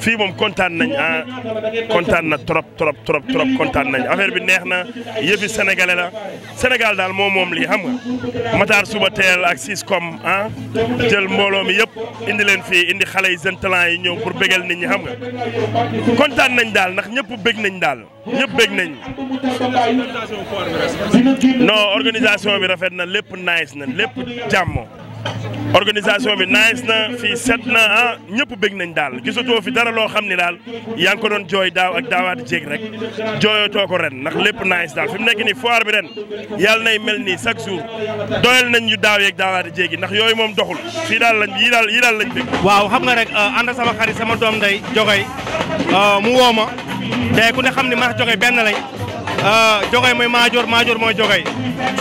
fii moom kontaan nañ ah kontaan na trop trop trop trop kontaan nañ affaire bi neex na yëfi sénégalais la Sénégal daal moom moom lii xam nga Matar suba teel ak siis comme ah jël mbooloo mi yëpp indi leen fii indi xale yi jeunes talent yi ñëw pour bégal nit ñi nga kontaan nañ daal ndax ñëpp bég nañ daal ñëpp bég nañ non organisation bi rafet na lépp nice na lépp jàmm organisation bi nice na fii set na ah ñëpp bëgg nañ daal too fi dara loo xam ne daal yaa ngi ko doon jooy daaw ak daawaati jéeg rek jooyatoo ko ren ndax lépp nice daal fi mu nekk foo foire bi ren yàlla nay mel ni chaque jour doyal nañ ñu daaw yeeg daawaati jéeg ndax yooyu moom doxul fii daal lañ yii daal yii daal lañ bëgg. waaw xam nga rek ah, ànd sama xarit sama doom day jogay ah, mu woo ma te ku ne xam ne maa jogay benn lañ ah, jogay mooy maajoor mooy jogay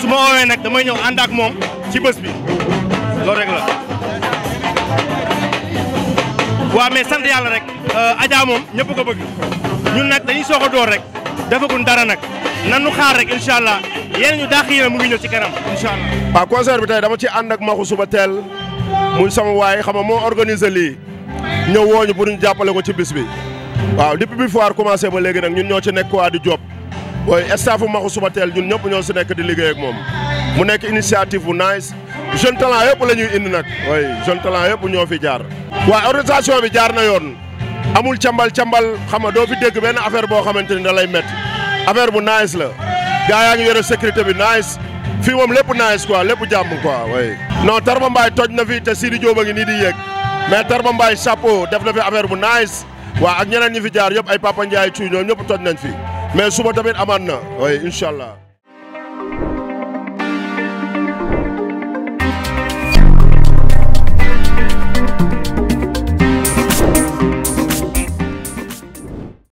su ma oowee nag damay ñëw ànd bi. waaw mais sant yàlla rek euh, Adja moom ñëpp ko bëgg ñun nag dañu soog a door rek defagun dara nag nanu xaar rek incha allah yéen ñu dàq yi mu ngi ñëw ci kanam incha allah. waaw concert bi tey dama ci ànd ak maxu suba teel muy sama waay xam nga moo organiser lii ñëw wooñu pour ñu jàppale ko ci bis bi waaw depuis bi foire commencé ba léegi nag ñun ñoo ci nekk waa di job booy staffu maxu suba teel ñun ñëpp ñoo si nekk di liggéey ak moom mu nekk initiative bu nice jeune talent yëpp la ñuy indi nag oui jeune talent yëpp ñoo fi jaar. waa organisation bi jaar na yoon amul cambal cambal xam nga doo fi dégg benn affaire boo xamante ni da lay métti affaire bu nice la gars yaa ngi yore sécurité bi nice fii moom lépp nice quoi lépp jàmm quoi oui. tar Tarba Mbaye toj na fi te Sidi Diop a ngi nii di yéeg mais Tarba Mbaye chapeau def na fi affaire bu nice waa ak ñeneen ñi fi jaar yëpp ay Papa Ndiaye Thiou ñoom ñëpp toj nañ fi mais suba tamit amaat na oui incha allah.